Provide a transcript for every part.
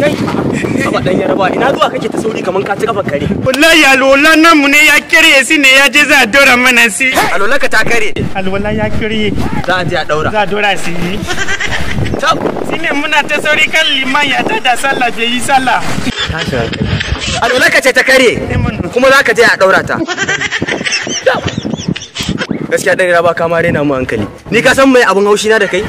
kai saba dan yaraba ina zuwa kake ta sauri kaman ka ci kafar kare wallahi alola nan mu ne ya kirye si ne ya je za a dora mana si alola ka ta kare alola ya kirye za a je a daura za a dora si shine muna ta sauri kan liman ya ta da sallah bai yi sallah alola ka ce ta kare kuma za ka je a daura ta gaskiya dan yaraba ka ma rena mu hankali ni ka san mai abun haushi na da kai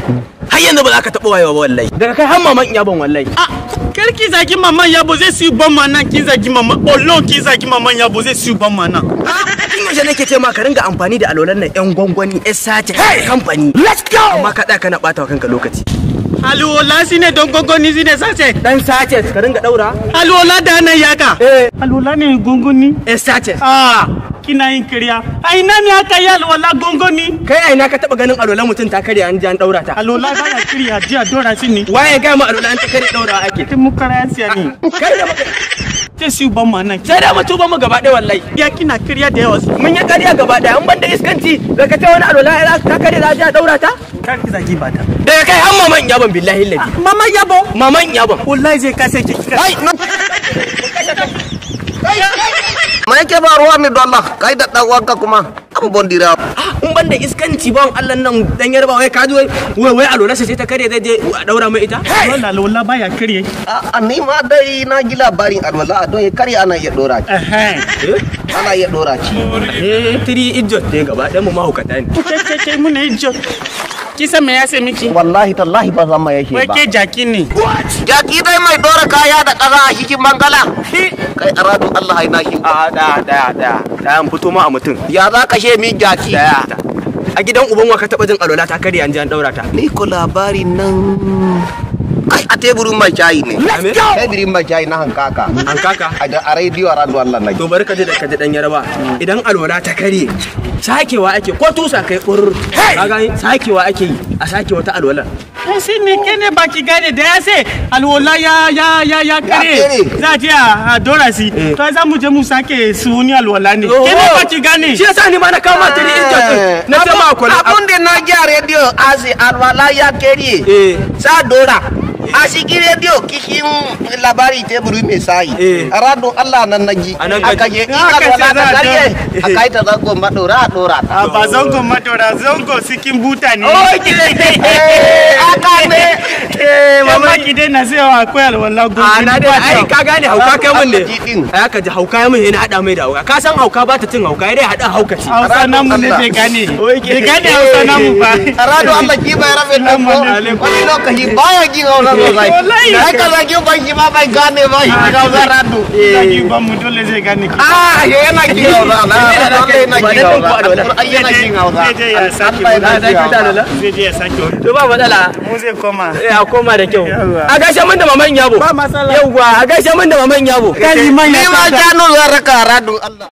har yanzu ba za ka taɓa wayewa ba wallahi daga kai har maman iya ban wallahi ah! Quel qui a dit maman y yabo zai su ban mana a dit maman au long qui a dit maman yabo zai su ban mana tun yaushe nake ce ma ka ringa amfani da alolan nan yan gwangwani yan sace kamfani let's go amma ka da kana bata wa kanka lokaci Alwola shi ne don gongoni shi ne sace. Dan sace ka ringa daura. Alwola da nan yaka. Eh. Alwola ne gongoni. Eh sace. Ah. kina yin kirya a ina ne aka yi alwala gongoni kai a ina ka taba ganin alwala mutum ta karya an jan daura ta alwala ba ya kirya jiya dora shi ne waye ga mu alwala an ta karya daura ake tun muka karaya siya ne kai da maka ce su ban ma nan sai da mu tuban mu gaba ɗaya wallahi ya kina kirya da yawa mun ya kariya gaba ɗaya an banda iskanci da ka ce wani alwala ya ta karya da jiya daura ta kan ki zaki ba ta daga kai an maman yabon billahi labi ah, maman yabon maman yabon wallahi zai kasance ki kai kai ma yake faruwa ne don Allah kai da dan uwanka kuma an bondira ah, in ban da iskanci ban Allah nan dan yarba wai ka ji wai wai a alola sai ta kare zai je a daura mai ita wallahi wallahi baya kare a ni ma dai na ji labarin alola a don ya kare ana iya dora ki eh ana iya dora ki eh tiri idiot ne gaba ɗan mu mahaukata ne ke ke mu ne idiot kisa me ya sai miki wallahi tallahi ba zan ma yake ba wai ke jaki ne jaki dai mai dora ka ya da ƙara a cikin mangala kai aradu Allah haina shi a da da da da an fito ma a mutum ya za ka she min jaki da a gidan uban wa ka taba jin alola ta kare an ji an daura ta ni ko labarin nan a teburin mai cayi ne teburin mai cayi na hankaka hankaka a rediyo a radu Allah na to bari ka ji da ka ji dan yarba idan alwala ta kare sakewa ake ko tusa kai kurur ga sakewa ake yi a sake wata alwala eh, shi ne kene baki gane da ya sai alwala ya ya ya ya kare za je a dora si eh. to za mu je mu sake su wani alwala ne kene baki gane shi yasa ni ma na kama tiri injin eh. na zama akwai abun da na gyara rediyo azi alwala ya kare sa dora a shiki rediyo kishin labari teburi mai sayi eh. radon allah nan naji aka je ina wala ta karye a kai ta zangon madora a dora ta ba zangon madora zangon sikin buta ne eh. aka ki na sai wa da wallah gobe a na ai ka gane hauka kai mun ne ai ka ji hauka mun ne hada mai da hauka ka san hauka ba ta tin hauka dai hada hauka ce hauka nan mun ne bai gane bai gane hauka nan mun ba arado Allah ki bai rabe nan mu wani lokaci ba baya ki ga wannan wallahi ai ka zaki ba ki ma bai gane ba ah, ki ga zarado eh. zaki ba mu dole zai gane ki ah ya yana ki ga wannan yana ki ga wannan ai yana ki ga wannan zai je ya saki ah, zai je ya saki to ba matsala mu zai koma eh a koma da kyau a gaishe mun da maman yabo yauwa a gaishe mun da maman yabo kalima ma ta no raka radu Allah